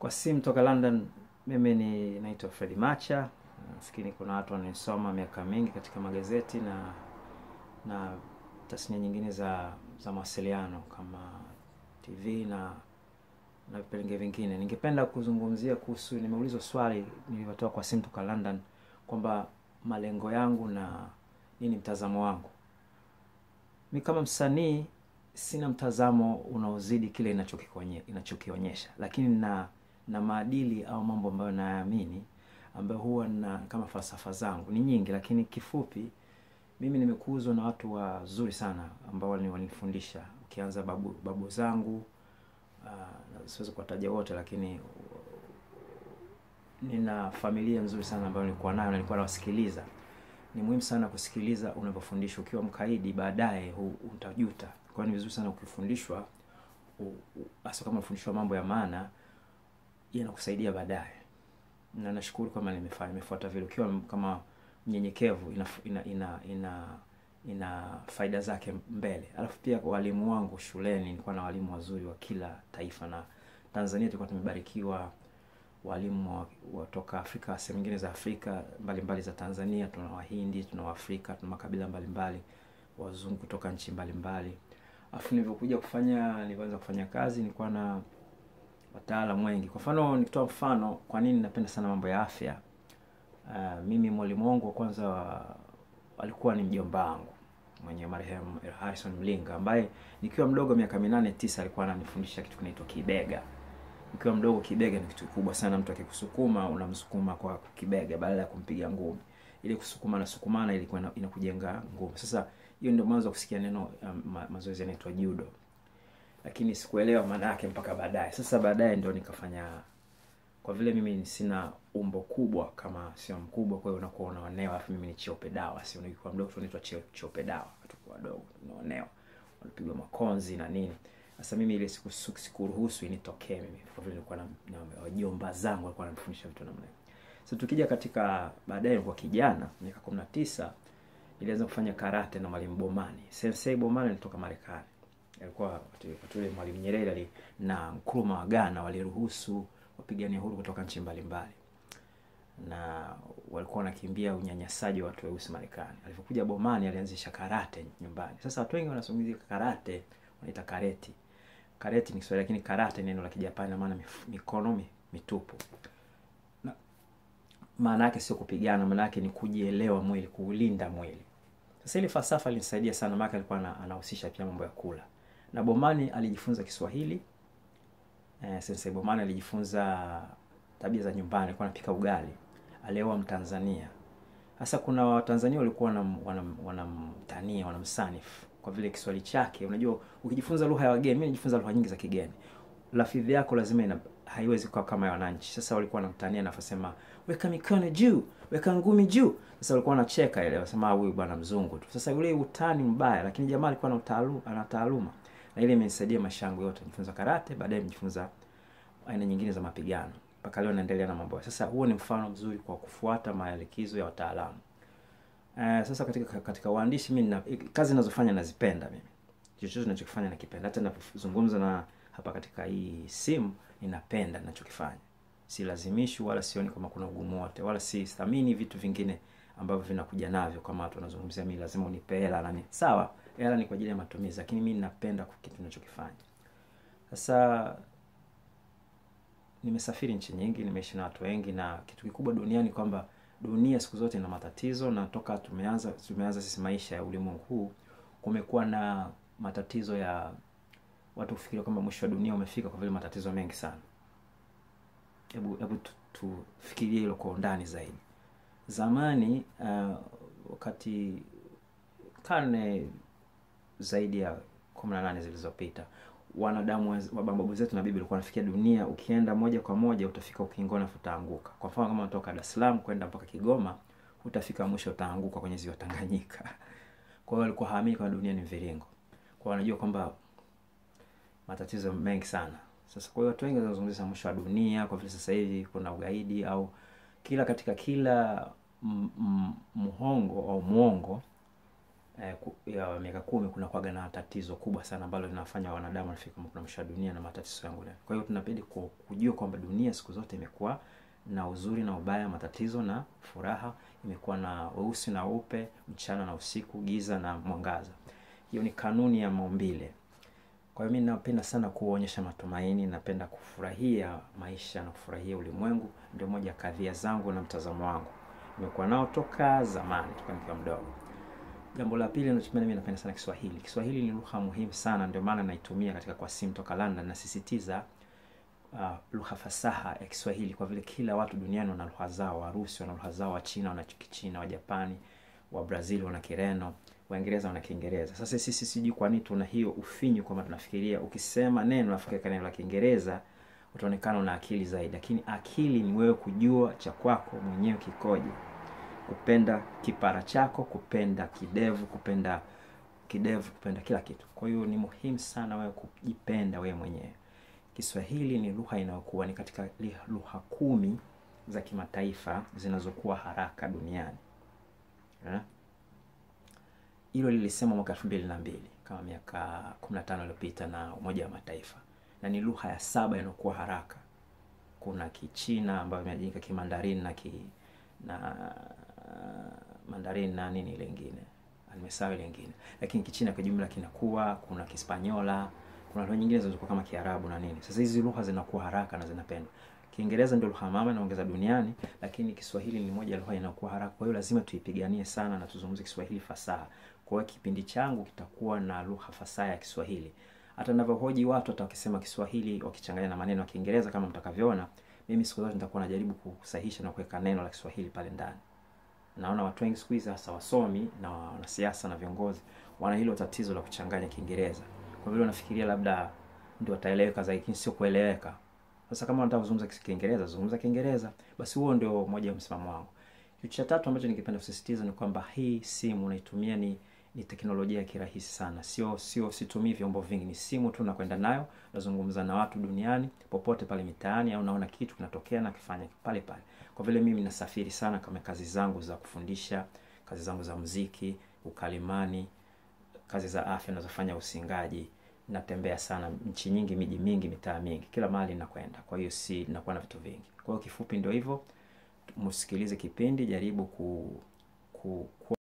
Kwa simu toka London, mimi ni naitwa Fredi Macha. Nafikiri kuna watu wanaesoma miaka mingi katika magazeti na na tasnia nyingine za za mawasiliano kama TV na na vipengele vingine. Ningependa kuzungumzia kuhusu, nimeulizwa swali nilivyotoa kwa simu toka London kwamba malengo yangu na nini mtazamo wangu. Mi kama msanii sina mtazamo unaozidi kile inachokionyesha, lakini na na maadili au mambo ambayo nayaamini ambayo huwa na kama falsafa zangu ni nyingi, lakini kifupi, mimi nimekuzwa na watu wazuri sana ambao walinifundisha, ukianza babu, babu zangu uh, siwezi kuwataja wote, lakini nina familia nzuri sana ambayo nilikuwa nayo na nilikuwa nawasikiliza. Ni muhimu sana kusikiliza unavyofundishwa. Ukiwa mkaidi, baadaye utajuta. Kwa hiyo ni vizuri sana ukifundishwa, hasa kama unafundishwa mambo ya maana yanakusaidia baadaye, na nashukuru kama nimefanya nimefuata vile. Ukiwa kama mnyenyekevu, ina, ina, ina, ina ina faida zake mbele. Alafu pia walimu wangu shuleni, nilikuwa na walimu wazuri wa kila taifa, na Tanzania tulikuwa tumebarikiwa walimu watoka Afrika, sehemu nyingine za Afrika mbalimbali mbali za Tanzania. Tuna Wahindi, tuna Waafrika, tuna makabila mbalimbali, wazungu kutoka nchi mbalimbali. Alafu nilivyokuja kufanya, nilianza kufanya kazi, nilikuwa na wataalamu wengi. Kwa mfano nikitoa mfano, kwa nini napenda sana mambo ya afya, uh, mimi mwalimu wangu wa kwanza alikuwa ni mjomba wangu mwenye marehemu Harrison Mlinga ambaye nikiwa mdogo miaka minane tisa alikuwa ananifundisha kitu kinaitwa kibega. Nikiwa mdogo kibega ni kitu kikubwa sana, mtu akikusukuma unamsukuma kwa kibega badala ya kumpiga ngumi. Ile na sukumana ilikuwa inakujenga nguvu. Sasa hiyo ndio mwanzo wa kusikia neno um, ma, mazoezi yanaitwa judo lakini sikuelewa maana yake mpaka baadaye. Sasa baadaye ndio nikafanya, kwa vile mimi sina umbo kubwa kama sio mkubwa, kwa hiyo unakuwa unaonewa, afu mimi ni chiope dawa, si unaikuwa mdogo tunaitwa chiope dawa, tuko wadogo tunaonewa, wanapigwa makonzi na nini. Sasa mimi ile siku siku sikuruhusu initokee mimi, kwa vile nilikuwa na, na wajomba zangu walikuwa wananifundisha vitu namna hiyo. Sasa tukija katika baadaye, nilikuwa kijana miaka 19 nilianza kufanya karate na mwalimu Bomani. Sensei Bomani alitoka Marekani alikuwa wakati ule Mwalimu Nyerere ali na Nkrumah wa Ghana waliruhusu wapigania uhuru kutoka nchi mbalimbali na walikuwa wanakimbia unyanyasaji wa watu weusi Marekani. Alipokuja Bomani alianzisha karate nyumbani. Sasa watu wengi wanazungumzia karate, wanaita kareti. Kareti ni Kiswahili lakini karate neno la Kijapani maana mikono mitupu. Na maana yake sio kupigana, maana yake ni kujielewa mwili, kuulinda mwili. Sasa ile falsafa ilinisaidia sana maana alikuwa anahusisha pia mambo ya kula na Bomani alijifunza Kiswahili. Eh, Sensei Bomani alijifunza tabia za nyumbani, alikuwa anapika ugali, alioa Mtanzania. Sasa kuna Watanzania walikuwa wanamtania, wanamsanifu kwa vile Kiswahili chake. Unajua, ukijifunza lugha ya wageni, mimi nijifunza lugha nyingi za kigeni, lafudhi yako lazima ina, haiwezi kuwa kama ya wananchi. Sasa walikuwa wanamtania na kusema weka mikono juu, weka ngumi juu. Sasa walikuwa wanacheka ile, wanasema ah, huyu bwana mzungu tu. Sasa yule utani mbaya, lakini jamaa alikuwa na ana taaluma, na ile imenisaidia maisha yangu yote. nifunza karate, baadaye nijifunza aina nyingine za mapigano. Mpaka leo naendelea na mambo. Sasa huo ni mfano mzuri kwa kufuata maelekezo ya wataalamu. Uh, sasa katika katika uandishi mimi kazi ninazofanya nazipenda mimi. Chochote ninachokifanya nakipenda. Hata ninapozungumza na hapa katika hii simu ninapenda ninachokifanya. Silazimishwi wala sioni kama kuna ugumu wote wala si thamini vitu vingine ambavyo vinakuja navyo kama watu wanazungumzia mimi lazima unipe hela na nini. Sawa hela ni kwa ajili ya matumizi, lakini mimi napenda kitu ninachokifanya. Sasa nimesafiri nchi nyingi, nimeishi na watu wengi, na kitu kikubwa duniani kwamba dunia siku zote ina matatizo, na toka tumeanza tumeanza sisi maisha ya ulimwengu huu kumekuwa na matatizo ya watu kufikiria kwamba mwisho wa dunia umefika kwa vile matatizo mengi sana. Hebu hebu tufikirie hilo kwa undani zaidi. Zamani uh, wakati karne zaidi ya 18 zilizopita wanadamu mababu zetu na bibi walikuwa wanafikia dunia ukienda moja kwa moja utafika ukingoni afu utaanguka kwa mfano kama unatoka Dar es Salaam kwenda mpaka Kigoma utafika mwisho utaanguka kwenye ziwa Tanganyika kwa hiyo walikuwa haamini kwamba dunia ni mviringo kwa wanajua kwamba matatizo mengi sana sasa kwa hiyo watu wengi wanazungumzia mwisho wa dunia kwa vile sasa hivi kuna ugaidi au kila katika kila mhongo au muongo Eh, ya miaka kumi kuna kwaga na tatizo kubwa sana ambalo linafanya wanadamu wanafika mwisho wa dunia na matatizo yangu leo. Kwa hiyo tunapidi kujua kwamba dunia siku zote imekuwa na uzuri na ubaya, matatizo na furaha, imekuwa na weusi na upe mchana na usiku, giza na mwangaza. Hiyo ni kanuni ya maumbile. Kwa hiyo mimi napenda sana kuonyesha matumaini, napenda kufurahia maisha na kufurahia ulimwengu. Ndio moja kadhia zangu na mtazamo wangu, nimekuwa nao toka zamani, toka nikiwa mdogo. Jambo la pili ninachotumia mimi, napenda sana Kiswahili. Kiswahili ni lugha muhimu sana, ndio maana naitumia katika kwa simu toka London. na sisitiza uh, lugha fasaha ya Kiswahili kwa vile kila watu duniani wana lugha zao. Warusi wana lugha zao, Wachina wana Kichina, Wajapani, wa Brazil wana Kireno, Waingereza wana Kiingereza. Sasa sisi sijui kwa nini tuna hiyo ufinyu kwamba tunafikiria ukisema neno Afrika neno la Kiingereza utaonekana una akili zaidi, lakini akili ni wewe kujua cha kwako mwenyewe kikoje kupenda kipara chako, kupenda kidevu, kupenda kidevu, kupenda kila kitu. Kwa hiyo ni muhimu sana wewe kujipenda wewe mwenyewe. Kiswahili ni lugha inayokuwa ni katika lugha kumi za kimataifa zinazokuwa haraka duniani. Eh? Hilo lilisema mwaka elfu mbili na mbili kama miaka 15 iliyopita na Umoja wa Mataifa, na ni lugha ya saba inayokuwa haraka. Kuna Kichina ambayo imejinika Kimandarin na ki, na Mandarin na nini lingine nimesahau lingine, lakini Kichina kwa jumla kinakuwa, kuna Kispanyola, kuna lugha nyingine zinazokuwa kama Kiarabu na nini. Sasa hizi lugha zinakuwa haraka na zinapendwa. Kiingereza ndio lugha mama inaongeza duniani, lakini Kiswahili ni moja lugha inakuwa haraka. Kwa hiyo lazima tuipiganie sana na tuzungumze Kiswahili fasaha. Kwa hiyo kipindi changu kitakuwa na lugha fasaha ya Kiswahili. Hata ninavyohoji watu, hata wakisema Kiswahili wakichanganya na maneno ya Kiingereza kama mtakavyoona, mimi siku zote nitakuwa najaribu kusahisha na kuweka neno la Kiswahili pale ndani naona watu wengi siku hizi hasa wasomi na wanasiasa na viongozi wana hilo tatizo la kuchanganya Kiingereza kwa vile wanafikiria labda ndio wataeleweka zaidi, sio kueleweka. Sasa kama unataka kuzungumza Kiingereza, zungumza Kiingereza. Basi huo ndio moja ya msimamo wangu. Kitu cha tatu ambacho ningependa kusisitiza ni kwamba hii simu unaitumia ni ni teknolojia kirahisi sana, sio sio, situmii vyombo vingi, ni simu tu nakwenda nayo, nazungumza na watu duniani popote pale mitaani, au naona kitu kinatokea na kifanya pale pale. Kwa vile mimi nasafiri sana, kama kazi zangu za kufundisha, kazi zangu za muziki, ukalimani, kazi za afya nazofanya usingaji, natembea sana nchi nyingi, miji mingi, mitaa mingi, kila mahali nakwenda. Kwa hiyo si nakuwa na vitu vingi. Kwa hiyo kifupi ndio hivyo, msikilize kipindi, jaribu ku, ku, ku